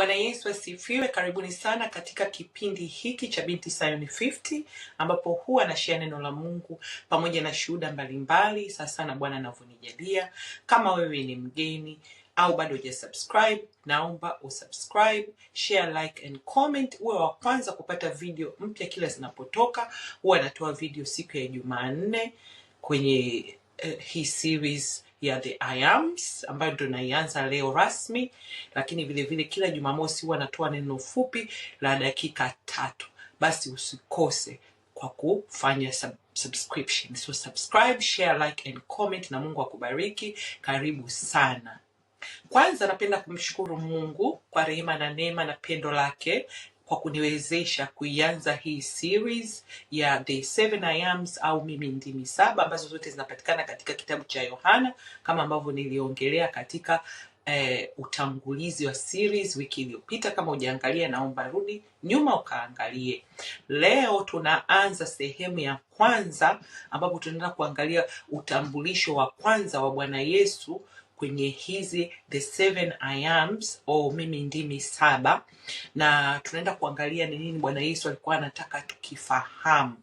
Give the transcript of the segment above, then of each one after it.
Bwana Yesu asifiwe. Karibuni sana katika kipindi hiki cha Binti Sayuni 50 ambapo huwa nashia neno la Mungu pamoja na shuhuda mbalimbali, sasa na Bwana anavyonijalia. Kama wewe ni mgeni au bado hujasubscribe, naomba usubscribe, share, like and comment, uwe wa kwanza kupata video mpya kila zinapotoka. Huwa anatoa video siku ya Jumanne kwenye uh, hii series ya the IAMS ambayo ndo naianza leo rasmi, lakini vile vile kila Jumamosi huwa natoa neno fupi la dakika tatu. Basi usikose kwa kufanya sub subscription. So subscribe, share, like and comment, na Mungu akubariki. Karibu sana. Kwanza napenda kumshukuru Mungu kwa rehema na neema na pendo lake kwa kuniwezesha kuianza hii series ya The Seven I Ams au mimi ndimi saba, ambazo zote zinapatikana katika kitabu cha Yohana kama ambavyo niliongelea katika eh, utangulizi wa series wiki iliyopita. Kama hujaangalia, naomba rudi nyuma ukaangalie. Leo tunaanza sehemu ya kwanza ambapo tunaenda kuangalia utambulisho wa kwanza wa Bwana Yesu kwenye hizi the seven I ams au oh, mimi ndimi saba, na tunaenda kuangalia ni nini Bwana Yesu alikuwa anataka tukifahamu.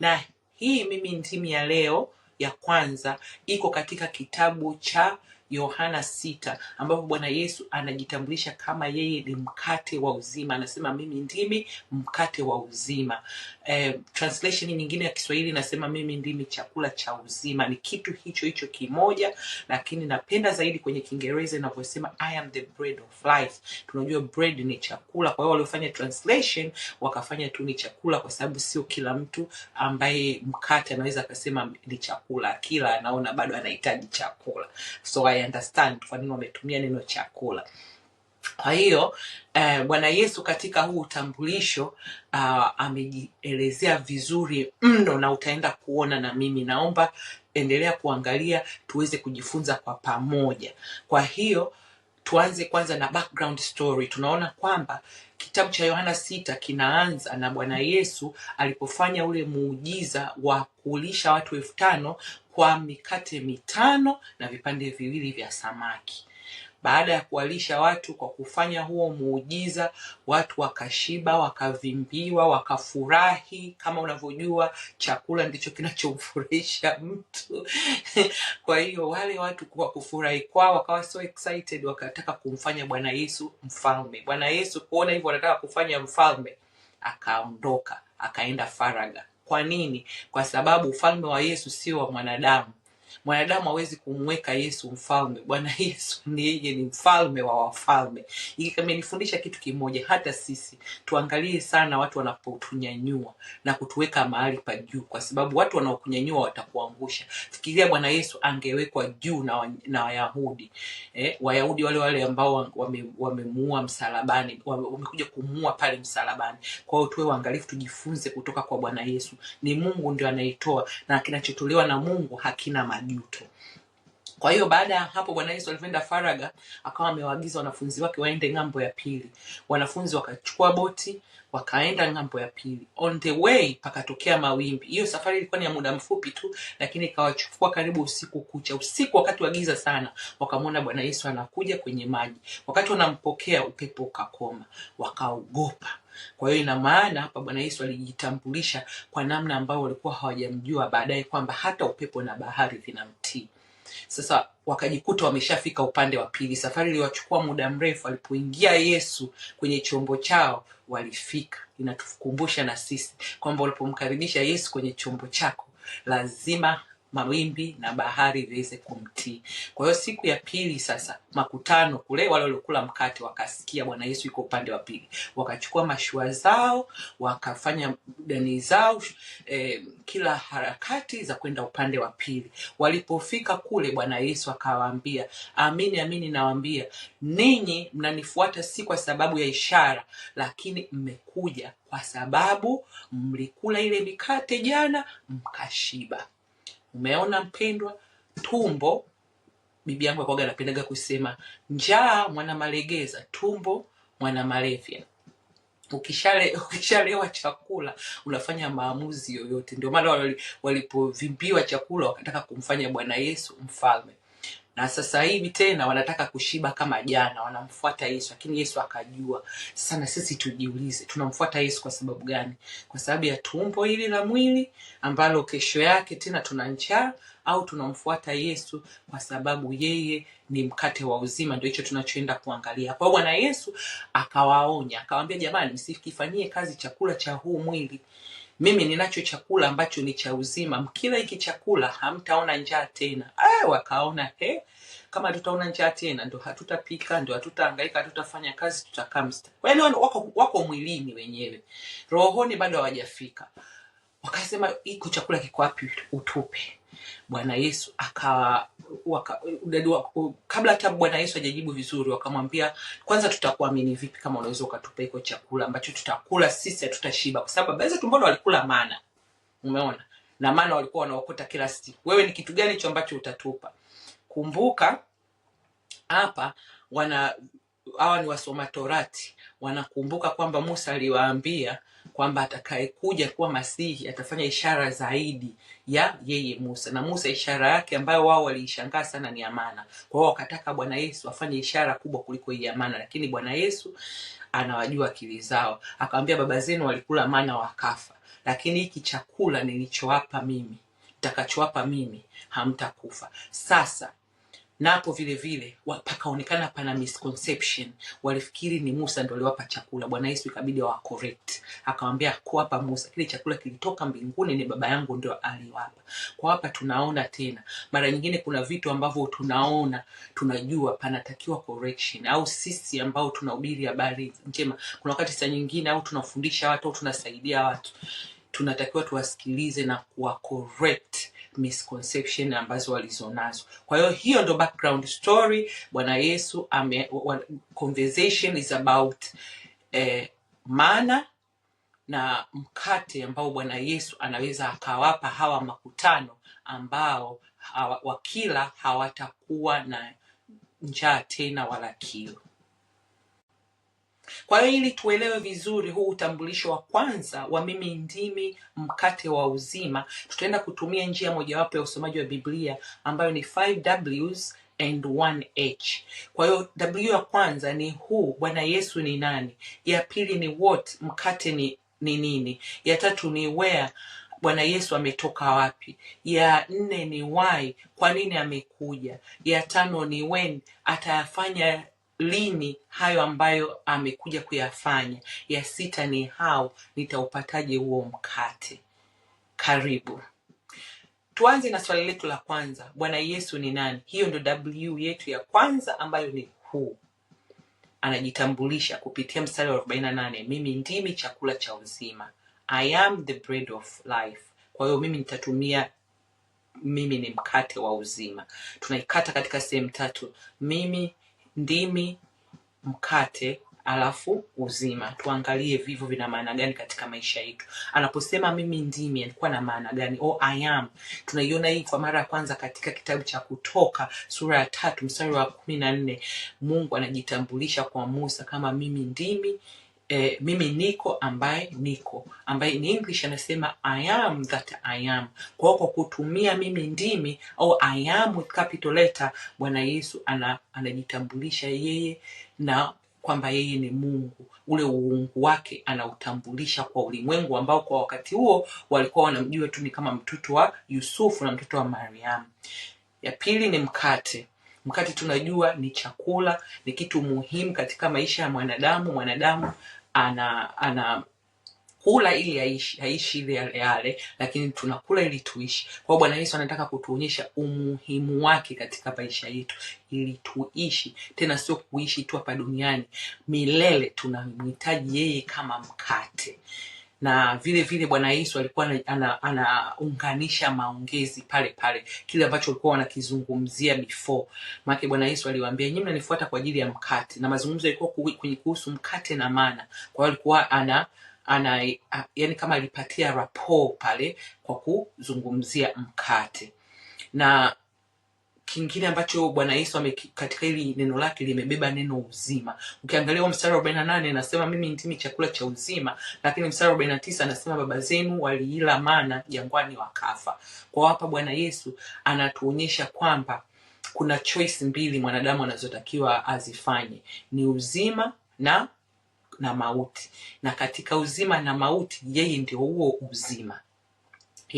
Na hii mimi ndimi ya leo ya kwanza iko katika kitabu cha Yohana sita ambapo Bwana Yesu anajitambulisha kama yeye ni mkate wa uzima, anasema mimi ndimi mkate wa uzima. Eh, translation nyingine ya Kiswahili inasema mimi ndimi chakula cha uzima. Ni kitu hicho hicho kimoja, lakini napenda zaidi kwenye Kiingereza inavyosema I am the bread of life. Tunajua bread ni chakula, kwa hiyo waliofanya translation wakafanya tu ni chakula, kwa sababu sio kila mtu ambaye mkate anaweza akasema ni chakula, kila anaona bado anahitaji chakula so I understand kwa nini wametumia neno chakula. Kwa hiyo eh, Bwana Yesu katika huu utambulisho uh, amejielezea vizuri mno, na utaenda kuona na mimi naomba endelea kuangalia tuweze kujifunza kwa pamoja. Kwa hiyo tuanze kwanza na background story. Tunaona kwamba kitabu cha yohana sita kinaanza na bwana yesu alipofanya ule muujiza wa kulisha watu elfu tano kwa mikate mitano na vipande viwili vya samaki baada ya kuwalisha watu kwa kufanya huo muujiza, watu wakashiba, wakavimbiwa, wakafurahi. Kama unavyojua chakula ndicho kinachomfurahisha mtu kwa hiyo wale watu kwa kufurahi kwao wakawa so excited, wakataka kumfanya Bwana Yesu mfalme. Bwana Yesu kuona hivyo wanataka kufanya mfalme, akaondoka akaenda faraga. Kwa nini? Kwa sababu ufalme wa Yesu sio wa mwanadamu mwanadamu hawezi kumweka yesu mfalme bwana yesu ni yeye ni mfalme wa wafalme imenifundisha kitu kimoja hata sisi tuangalie sana watu wanapotunyanyua na kutuweka mahali pa juu kwa sababu watu wanaokunyanyua watakuangusha fikiria bwana yesu angewekwa juu na, na wayahudi eh, wayahudi wale wale ambao wamemuua wame msalabani wamekuja wame kumuua pale msalabani kwa hiyo tuwe waangalifu tujifunze kutoka kwa bwana yesu ni mungu ndio anaitoa na kinachotolewa na mungu hakina mali majuto kwa hiyo baada ya hapo bwana yesu alivyoenda faraga akawa amewaagiza wanafunzi wake waende ng'ambo ya pili wanafunzi wakachukua boti wakaenda ng'ambo ya pili on the way pakatokea mawimbi hiyo safari ilikuwa ni ya muda mfupi tu lakini ikawachukua karibu usiku kucha usiku wakati wa giza sana wakamwona bwana yesu anakuja kwenye maji wakati wanampokea upepo ukakoma wakaogopa kwa hiyo ina maana hapa Bwana Yesu alijitambulisha kwa namna ambayo walikuwa hawajamjua baadaye kwamba hata upepo na bahari vinamtii. Sasa wakajikuta wameshafika upande wa pili. Safari iliwachukua muda mrefu. Alipoingia Yesu kwenye chombo chao walifika. Inatukumbusha na sisi kwamba ulipomkaribisha Yesu kwenye chombo chako lazima mawimbi na bahari viweze kumtii. Kwa hiyo siku ya pili sasa makutano kule, wale waliokula mkate wakasikia Bwana Yesu yuko upande wa pili, wakachukua mashua zao wakafanya dani zao eh, kila harakati za kwenda upande wa pili. Walipofika kule, Bwana Yesu akawaambia, amini amini nawaambia ninyi mnanifuata si kwa sababu ya ishara, lakini mmekuja kwa sababu mlikula ile mikate jana mkashiba. Umeona mpendwa, tumbo bibi yangu akoga anapendaga kusema njaa mwana malegeza, tumbo mwana Ukishale, ukishalewa chakula unafanya maamuzi yoyote. Ndio maana walipovimbiwa chakula wakataka kumfanya Bwana Yesu mfalme na sasa hivi tena wanataka kushiba kama jana, wanamfuata Yesu, lakini Yesu akajua. Sasa na sisi tujiulize, tunamfuata Yesu kwa sababu gani? Kwa sababu ya tumbo hili la mwili ambalo kesho yake tena tuna njaa, au tunamfuata Yesu kwa sababu yeye ni mkate wa uzima? Ndio hicho tunachoenda kuangalia. Kwa hiyo Bwana Yesu akawaonya, akawaambia, jamani, msikifanyie kazi chakula cha huu mwili mimi ninacho chakula ambacho ni cha uzima mkila hiki chakula hamtaona njaa tena Ah, wakaona he eh, kama tutaona njaa tena ndo hatutapika ndo hatutaangaika hatutafanya kazi tutakaa mstari hiyo wako, wako mwilini wenyewe rohoni bado hawajafika wakasema iko chakula kiko wapi utupe bwana yesu akawa waka, kabla hata bwana yesu hajajibu vizuri wakamwambia kwanza tutakuamini vipi kama unaweza ukatupa hiko chakula ambacho tutakula sisi hatutashiba kwa sababu baweza mbona walikula mana umeona na mana walikuwa wanaokota kila siku wewe ni kitu gani hicho ambacho utatupa kumbuka hapa wana hawa ni wasoma torati wanakumbuka kwamba musa aliwaambia kwamba atakayekuja kuwa masihi atafanya ishara zaidi ya yeye Musa na Musa ishara yake ambayo wao waliishangaa sana ni amana. Kwa hiyo wakataka Bwana Yesu afanye ishara kubwa kuliko hii amana, lakini Bwana Yesu anawajua akili zao, akamwambia baba zenu walikula mana wakafa, lakini hiki chakula nilichowapa mimi, nitakachowapa mimi hamtakufa. Sasa Napo vile vile pakaonekana pana misconception, walifikiri ni Musa ndo aliwapa chakula. Bwana Yesu ikabidi wa correct, akamwambia kuwapa Musa kile chakula kilitoka mbinguni, ni baba yangu ndio aliwapa. Kwa hapa tunaona tena, mara nyingine kuna vitu ambavyo tunaona tunajua panatakiwa correction, au sisi ambao tunahubiri habari njema, kuna wakati saa nyingine au tunafundisha watu au tunasaidia watu, tunatakiwa tuwasikilize na kuwa correct misconception ambazo walizonazo kwa hiyo hiyo ndo background story bwana yesu ame, conversation is about eh, mana na mkate ambao bwana yesu anaweza akawapa hawa makutano ambao hawa, wakila hawatakuwa na njaa tena wala kilo kwa hiyo ili tuelewe vizuri huu utambulisho wa kwanza wa mimi ndimi mkate wa uzima, tutaenda kutumia njia mojawapo ya usomaji wa Biblia ambayo ni 5 Ws and 1H. Kwa hiyo W ya kwanza ni huu, Bwana Yesu ni nani? Ya pili ni what, mkate ni ni nini? Ya tatu ni where, Bwana Yesu ametoka wapi? Ya nne ni why, kwa nini amekuja? Ya tano ni when, atayafanya lini hayo ambayo amekuja kuyafanya. Ya sita ni hao nitaupataje huo mkate? Karibu. Tuanze na swali letu la kwanza, Bwana Yesu ni nani? Hiyo ndio W yetu ya kwanza ambayo ni huu. Anajitambulisha kupitia mstari wa 48, mimi ndimi chakula cha uzima, I am the bread of life. Kwa hiyo mimi nitatumia mimi ni mkate wa uzima. Tunaikata katika sehemu tatu, mimi ndimi, mkate alafu uzima. Tuangalie vivyo vina maana gani katika maisha yetu. Anaposema mimi ndimi, alikuwa na maana gani? O, oh, I am. Tunaiona hii kwa mara ya kwanza katika kitabu cha Kutoka sura ya tatu mstari wa kumi na nne. Mungu anajitambulisha kwa Musa kama mimi ndimi eh, mimi niko ambaye niko ambaye ni english anasema i am that i am kwa hiyo kwa kutumia mimi ndimi au i am with capital letter bwana yesu ana, anajitambulisha yeye na kwamba yeye ni mungu ule uungu wake anautambulisha kwa ulimwengu ambao kwa wakati huo walikuwa wanamjua tu ni kama mtoto wa yusufu na mtoto wa mariamu ya pili ni mkate mkate tunajua ni chakula ni kitu muhimu katika maisha ya mwanadamu mwanadamu ana ana kula ili aishi, aishi ile yale yale, lakini tunakula ili tuishi. Kwa Bwana Yesu anataka kutuonyesha umuhimu wake katika maisha yetu ili tuishi, tena sio kuishi tu hapa duniani milele. Tunamhitaji yeye kama mkate na vile vile Bwana Yesu alikuwa anaunganisha ana maongezi pale pale, kile ambacho walikuwa wanakizungumzia before. Maana Bwana Yesu aliwaambia, nyinyi mnanifuata kwa ajili ya mkate, na mazungumzo yalikuwa kwenye kuhusu mkate na mana. Kwa hiyo alikuwa ana ana yani kama alipatia rapo pale kwa kuzungumzia mkate na kingine ambacho bwana yesu ame katika hili neno lake limebeba neno uzima ukiangalia mstari wa arobaini na nane anasema mimi ndimi chakula cha uzima lakini mstari wa na tisa anasema baba zenu waliila mana jangwani wakafa kwa hapa bwana yesu anatuonyesha kwamba kuna choice mbili mwanadamu anazotakiwa azifanye ni uzima na na mauti na katika uzima na mauti yeye ndio huo uzima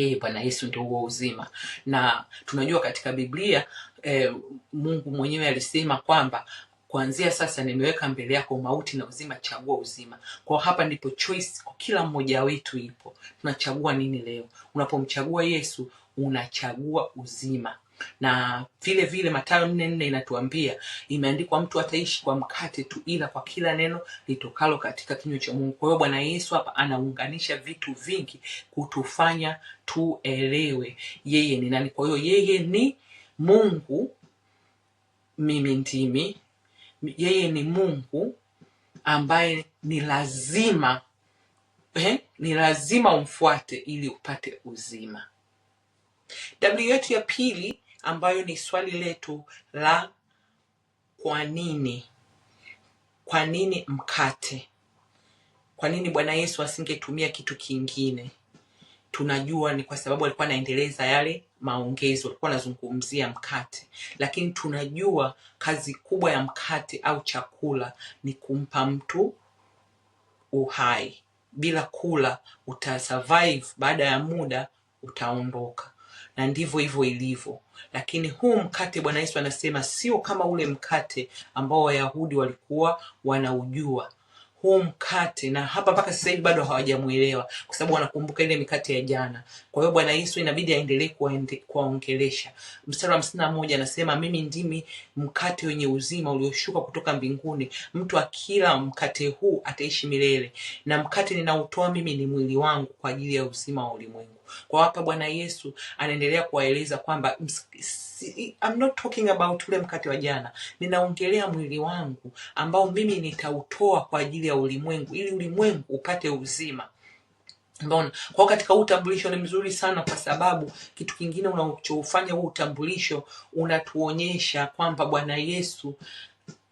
yeye Bwana Yesu ndio huo uzima, na tunajua katika Biblia eh, Mungu mwenyewe alisema kwamba kuanzia sasa nimeweka mbele yako mauti na uzima, chagua uzima. Kwa hapa ndipo choice kwa kila mmoja wetu ipo, tunachagua nini leo? Unapomchagua Yesu unachagua uzima na vile vile Mathayo nne nne inatuambia imeandikwa, mtu ataishi kwa mkate tu, ila kwa kila neno litokalo katika kinywa cha Mungu. Kwa hiyo Bwana Yesu hapa anaunganisha vitu vingi kutufanya tuelewe yeye ni nani. Kwa hiyo yeye ni Mungu, mimi ndimi. Yeye ni Mungu ambaye ni lazima eh, ni lazima umfuate ili upate uzima. W yetu ya pili ambayo ni swali letu la kwa nini, kwa nini mkate? Kwa nini Bwana Yesu asingetumia kitu kingine? Tunajua ni kwa sababu alikuwa anaendeleza yale maongezo, alikuwa anazungumzia mkate, lakini tunajua kazi kubwa ya mkate au chakula ni kumpa mtu uhai. Bila kula utasurvive, baada ya muda utaondoka na ndivyo hivyo ilivyo. Lakini huu mkate Bwana Yesu anasema sio kama ule mkate ambao Wayahudi walikuwa wanaujua huu mkate, na hapa mpaka sasa hivi bado hawajamwelewa, kwa sababu wanakumbuka ile mikate ya jana. Kwa hiyo Bwana Yesu inabidi aendelee kuwaongelesha. Mstari wa hamsini na moja anasema mimi ndimi mkate wenye uzima ulioshuka kutoka mbinguni, mtu akila mkate huu ataishi milele, na mkate ninaotoa mimi ni mwili wangu kwa ajili ya uzima wa ulimwengu kwa hapa bwana yesu anaendelea kuwaeleza kwamba I'm not talking about ule mkate wa jana ninaongelea mwili wangu ambao mimi nitautoa kwa ajili ya ulimwengu ili ulimwengu upate uzima Mbona? Kwa katika huu utambulisho ni mzuri sana kwa sababu kitu kingine unachofanya huu utambulisho unatuonyesha kwamba Bwana Yesu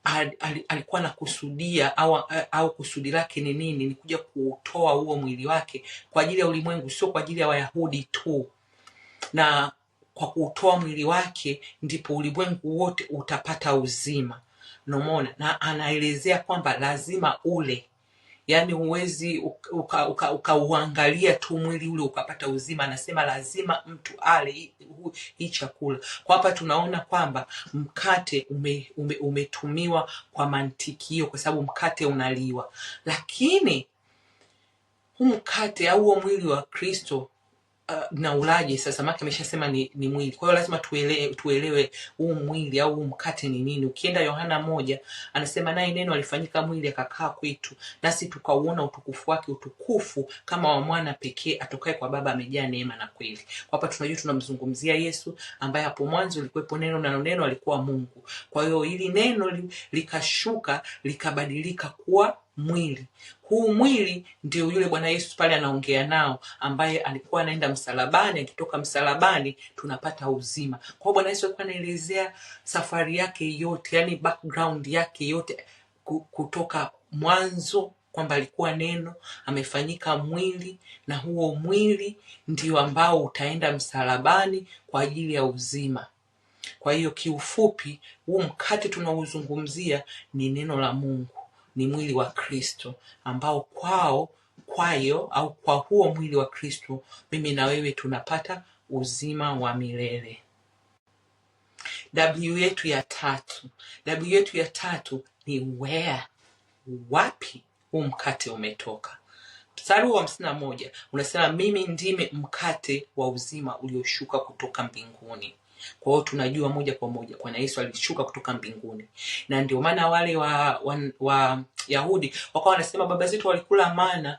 al, al, alikuwa anakusudia au, au kusudi lake ni nini? Ni kuja kuutoa huo mwili wake kwa ajili ya ulimwengu, sio kwa ajili ya Wayahudi tu. Na kwa kuutoa mwili wake ndipo ulimwengu wote utapata uzima. Unaona, na anaelezea kwamba lazima ule yani huwezi ukauangalia uka, uka, uka tu mwili ule ukapata uzima anasema lazima mtu ale hii chakula kwa hapa tunaona kwamba mkate ume, ume, umetumiwa kwa mantiki hiyo kwa sababu mkate unaliwa lakini huu mkate au huo mwili wa kristo Eh, na ulaji sasa, make ameshasema ni, ni mwili. Kwa hiyo lazima tuelewe, tuelewe huu mwili au huu mkate ni nini. Ukienda Yohana moja anasema naye neno alifanyika mwili akakaa kwetu, nasi tukauona utukufu wake, utukufu kama wa mwana pekee atokaye kwa Baba, amejaa neema na kweli. Kwa hapa tunajua tunamzungumzia Yesu ambaye hapo mwanzo ulikuwepo neno, na neno alikuwa Mungu. Kwa hiyo ili neno likashuka likabadilika kuwa mwili huu mwili ndio yule Bwana Yesu pale anaongea nao, ambaye alikuwa anaenda msalabani. Akitoka msalabani tunapata uzima. Kwa hiyo Bwana Yesu alikuwa anaelezea safari yake yote, yani background yake yote, kutoka mwanzo kwamba alikuwa neno amefanyika mwili, na huo mwili ndio ambao utaenda msalabani kwa ajili ya uzima. Kwa hiyo kiufupi, huu mkate tunaozungumzia ni neno la Mungu ni mwili wa kristo ambao kwao kwayo au kwa huo mwili wa kristo mimi na wewe tunapata uzima wa milele w yetu ya tatu w yetu ya tatu ni where wapi huu mkate umetoka msari wa hamsini na moja unasema mimi ndimi mkate wa uzima ulioshuka kutoka mbinguni kwa hiyo tunajua moja kwa moja bwana yesu alishuka kutoka mbinguni na ndio maana wale wa, wa, wa yahudi wakawa wanasema baba zetu walikula mana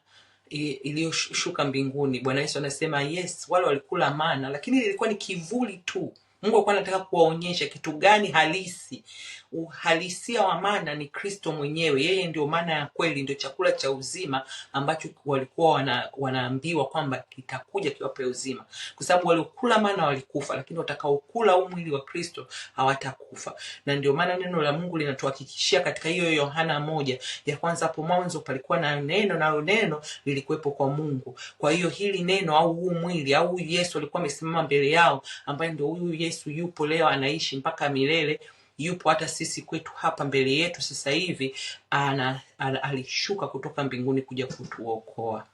iliyoshuka mbinguni bwana yesu anasema yes wale walikula mana lakini ilikuwa ni kivuli tu mungu alikuwa anataka kuwaonyesha kitu gani halisi uhalisia wa mana ni Kristo mwenyewe. Yeye ndio maana ya kweli, ndio chakula cha uzima ambacho walikuwa wana, wanaambiwa kwamba kitakuja kiwape uzima, kwa sababu waliokula mana walikufa, lakini watakaokula huu mwili wa Kristo hawatakufa. Na ndio maana neno la Mungu linatuhakikishia katika hiyo Yohana moja ya kwanza, hapo mwanzo palikuwa na neno, nayo neno lilikuwepo kwa Mungu. Kwa hiyo hili neno au huu mwili au huyu Yesu alikuwa amesimama mbele yao, ambaye ndio huyu Yesu yupo leo anaishi mpaka milele yupo hata sisi kwetu hapa mbele yetu sasa hivi ana, ana, alishuka kutoka mbinguni kuja kutuokoa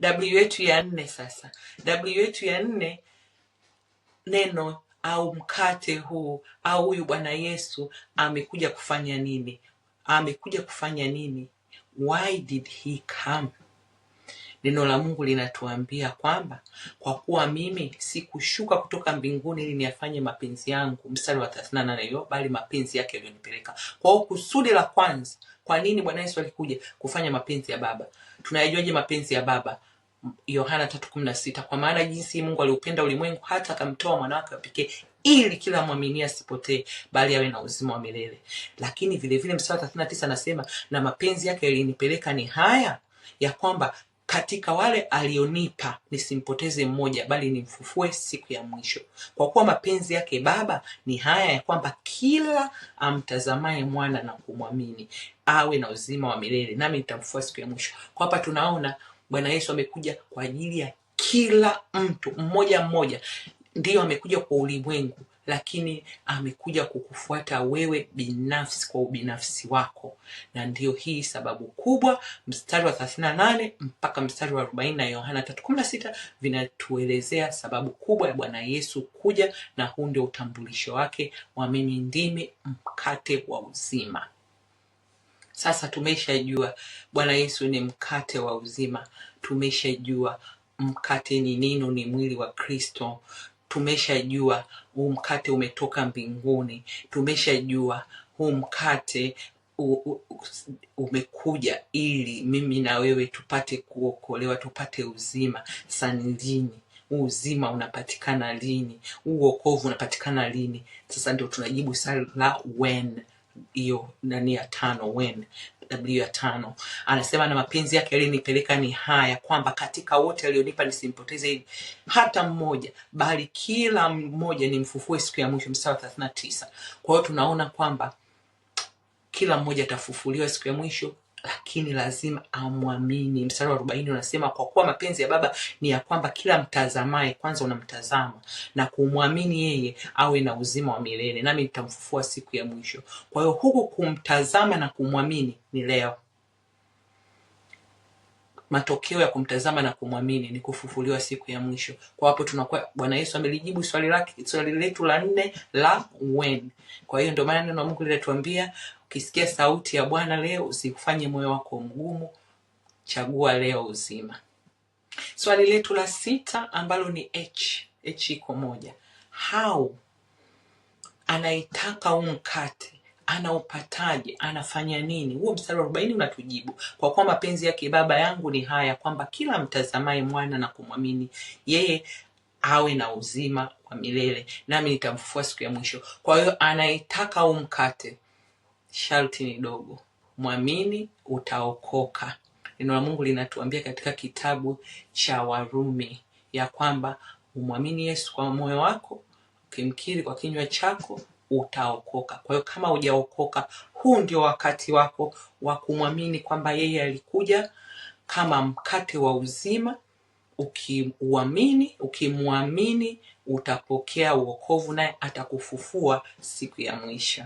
w yetu ya nne sasa w yetu ya nne neno au mkate huu au huyu bwana yesu amekuja kufanya nini amekuja kufanya nini why did he come Neno la Mungu linatuambia kwamba kwa kuwa mimi sikushuka kutoka mbinguni ili niyafanye mapenzi yangu, mstari wa 38 hiyo, bali mapenzi yake yaliyonipeleka. Kwa hiyo kusudi la kwanza, kwa nini Bwana Yesu alikuja? Kufanya mapenzi ya Baba. Tunayajuaje mapenzi ya Baba? Yohana 3:16 kwa maana jinsi Mungu aliupenda ulimwengu hata akamtoa mwanawake wa pekee ili kila mwaminia asipotee bali awe na uzima wa milele. Lakini vilevile mstari wa 39 anasema na mapenzi yake yalinipeleka ni haya ya kwamba katika wale alionipa nisimpoteze mmoja, bali nimfufue siku ya mwisho. Kwa kuwa mapenzi yake Baba ni haya ya kwamba kila amtazamaye mwana na kumwamini awe na uzima wa milele, nami nitamfufua siku ya mwisho. Kwa hapa tunaona Bwana Yesu amekuja kwa ajili ya kila mtu mmoja mmoja, ndiyo amekuja kwa ulimwengu lakini amekuja kukufuata wewe binafsi kwa ubinafsi wako, na ndiyo hii sababu kubwa. Mstari wa 38 mpaka mstari wa 40 na Yohana 3:16 vinatuelezea sababu kubwa ya Bwana Yesu kuja, na huu ndio utambulisho wake wa mimi ndimi mkate wa uzima. Sasa tumeshajua Bwana Yesu ni mkate wa uzima, tumeshajua mkate ni neno, ni mwili wa Kristo, tumeshajua huu mkate umetoka mbinguni, tumeshajua huu mkate u, u, umekuja ili mimi na wewe tupate kuokolewa, tupate uzima. sani lini huu uzima unapatikana? Lini huu wokovu unapatikana? Lini? Sasa ndio tunajibu sala la when, hiyo nani ya tano, when w ya tano anasema na mapenzi yake yaliyonipeleka ni haya kwamba katika wote alionipa nisimpoteze hata mmoja bali kila mmoja ni mfufue siku ya mwisho mstari wa thelathini na tisa kwa hiyo tunaona kwamba kila mmoja atafufuliwa siku ya mwisho lakini lazima amwamini. Mstari wa arobaini unasema kwa kuwa mapenzi ya Baba ni ya kwamba kila mtazamaye, kwanza unamtazama na kumwamini yeye, awe na uzima wa milele, nami nitamfufua siku ya mwisho. Kwa hiyo huku kumtazama na kumwamini ni leo matokeo ya kumtazama na kumwamini ni kufufuliwa siku ya mwisho. Kwa hapo tunakuwa Bwana Yesu amelijibu swali lake, swali letu la nne la when. Kwa hiyo ndio maana neno Mungu linatuambia ukisikia sauti ya Bwana leo usifanye moyo wako mgumu, chagua leo uzima. Swali letu la sita ambalo ni h h iko moja, how anaitaka huu mkate anaupataje? Anafanya nini? Huo mstari wa arobaini unatujibu kwa kuwa mapenzi yake Baba yangu ni haya, kwamba kila mtazamaye mwana na kumwamini yeye awe na uzima wa milele, nami nitamfufua siku ya mwisho. Kwa hiyo anayetaka umkate, sharti ni dogo, mwamini utaokoka. Neno la Mungu linatuambia katika kitabu cha Warumi ya kwamba umwamini Yesu kwa moyo wako, ukimkiri kwa kinywa chako utaokoka. Kwa hiyo kama hujaokoka, huu ndio wakati wako wa kumwamini kwamba yeye alikuja kama mkate wa uzima. Ukiuamini, ukimwamini utapokea uokovu, naye atakufufua siku ya mwisho.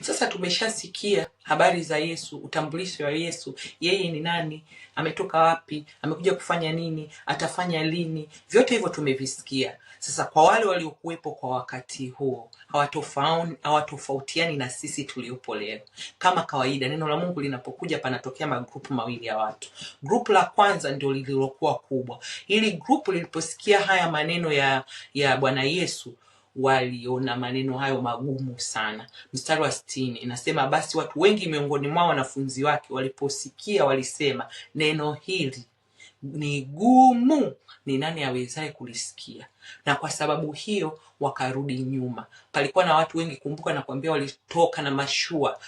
Sasa tumeshasikia habari za Yesu, utambulisho wa Yesu, yeye ni nani, ametoka wapi, amekuja kufanya nini, atafanya lini. Vyote hivyo tumevisikia. Sasa kwa wale waliokuwepo kwa wakati huo hawatofautiani na sisi tuliopo leo. Kama kawaida, neno la Mungu linapokuja panatokea magrupu mawili ya watu. Grupu la kwanza ndio lililokuwa kubwa. Hili grupu liliposikia haya maneno ya ya Bwana Yesu waliona maneno hayo magumu sana. Mstari wa stini inasema basi watu wengi miongoni mwao wanafunzi wake waliposikia walisema, neno hili ni gumu, ni nani awezaye kulisikia? Na kwa sababu hiyo wakarudi nyuma. Palikuwa na watu wengi, kumbuka na kuambia, walitoka na mashua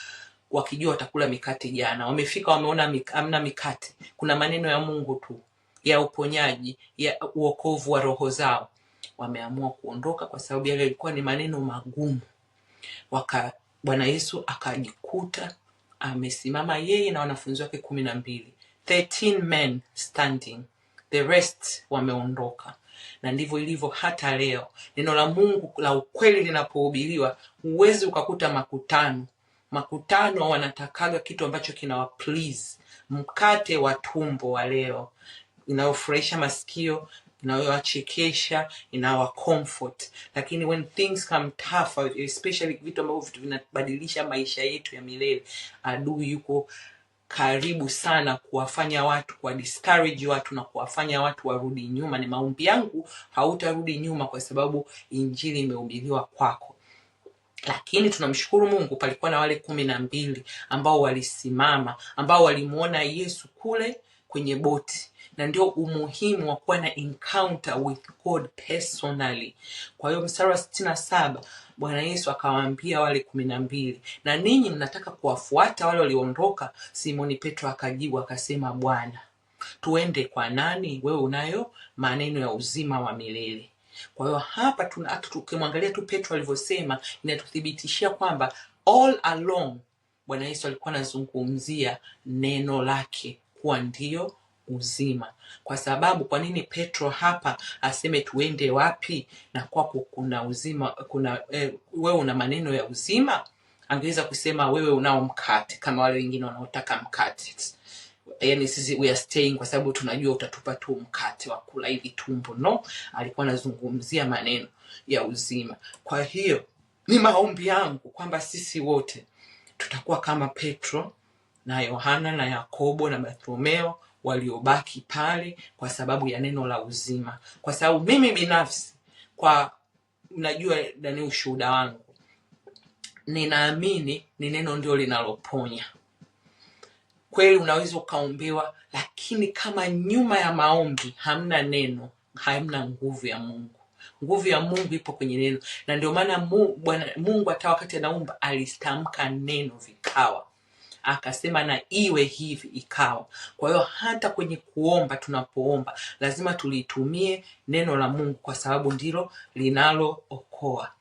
wakijua watakula mikate jana. Wamefika wameona amna mikate, kuna maneno ya Mungu tu ya uponyaji, ya uokovu wa roho zao wameamua kuondoka kwa sababu yale yalikuwa ni maneno magumu waka bwana yesu akajikuta amesimama yeye na wanafunzi wake kumi na mbili 13 men standing the rest wameondoka na ndivyo ilivyo hata leo neno la mungu la ukweli linapohubiriwa huwezi ukakuta makutano makutano wanatakaga kitu ambacho kina wa please mkate wa tumbo wa leo inayofurahisha masikio inayowachekesha inawa comfort lakini when things come tough especially vitu ambavyo vitu vinabadilisha maisha yetu ya milele adui yuko karibu sana kuwafanya watu kuwa discourage watu na kuwafanya watu warudi nyuma ni maombi yangu hautarudi nyuma kwa sababu injili imehubiriwa kwako lakini tunamshukuru mungu palikuwa na wale kumi na mbili ambao walisimama ambao walimuona yesu kule kwenye boti na ndio umuhimu wa kuwa na encounter with god personally kwa hiyo mstari wa sitini na saba bwana yesu akawaambia wale kumi na mbili na ninyi mnataka kuwafuata wale walioondoka simoni petro akajibu akasema bwana tuende kwa nani wewe unayo maneno ya uzima wa milele kwa hiyo hapa tukimwangalia tu petro alivyosema inatuthibitishia kwamba all along bwana yesu alikuwa anazungumzia neno lake kuwa ndiyo uzima. Kwa sababu kwa nini Petro hapa aseme tuende wapi na kwako kuna uzima, kuna eh, wewe una maneno ya uzima? Angeweza kusema wewe unao mkate kama wale wengine wanaotaka mkate yani sisi we are staying kwa sababu tunajua utatupa tu mkate wa kula hivi tumbo no alikuwa anazungumzia maneno ya uzima kwa hiyo ni maombi yangu kwamba sisi wote tutakuwa kama petro na yohana na yakobo na bartholomeo waliobaki pale kwa sababu ya neno la uzima kwa sababu mimi binafsi kwa najua nani ushuhuda wangu ninaamini ni neno ndio linaloponya kweli unaweza ukaombewa lakini kama nyuma ya maombi hamna neno hamna nguvu ya mungu nguvu ya mungu ipo kwenye neno na ndio maana mungu, hata wakati anaumba alistamka neno vikawa akasema na iwe hivi ikawa. Kwa hiyo hata kwenye kuomba, tunapoomba lazima tulitumie neno la Mungu kwa sababu ndilo linalookoa.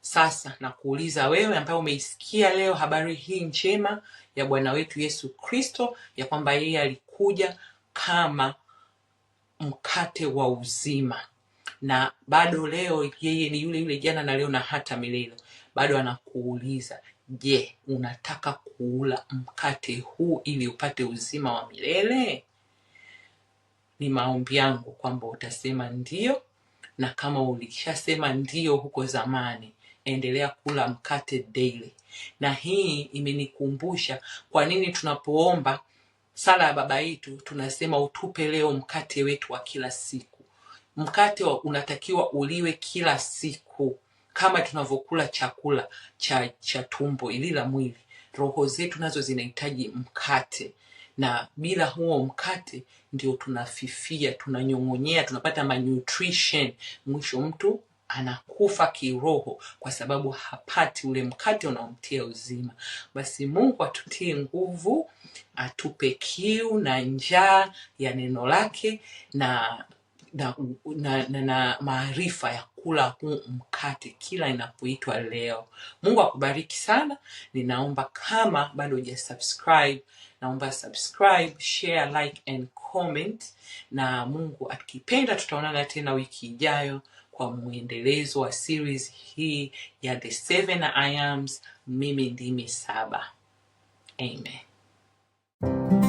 Sasa nakuuliza wewe ambaye umeisikia leo habari hii njema ya Bwana wetu Yesu Kristo ya kwamba yeye alikuja kama mkate wa uzima na bado leo yeye ni yule yule jana na leo na hata milele. Bado anakuuliza Je, unataka kuula mkate huu ili upate uzima wa milele? Ni maombi yangu kwamba utasema ndiyo, na kama ulishasema ndiyo huko zamani, endelea kula mkate daily. Na hii imenikumbusha kwa nini tunapoomba sala ya Baba yetu tunasema utupe leo mkate wetu wa kila siku. Mkate wa unatakiwa uliwe kila siku kama tunavyokula chakula cha, cha tumbo ili la mwili, roho zetu nazo zinahitaji mkate, na bila huo mkate ndio tunafifia, tunanyong'onyea, tunapata malnutrition, mwisho mtu anakufa kiroho kwa sababu hapati ule mkate unaomtia uzima. Basi Mungu atutie nguvu, atupe kiu na njaa ya neno lake na na, na, na, na maarifa ya kula huu mkate kila inapoitwa leo. Mungu akubariki sana. Ninaomba kama bado hujasubscribe, naomba subscribe, share, like and comment, na Mungu akipenda tutaonana tena wiki ijayo kwa mwendelezo wa series hii ya The Seven I Ams, mimi ndimi saba. Amen.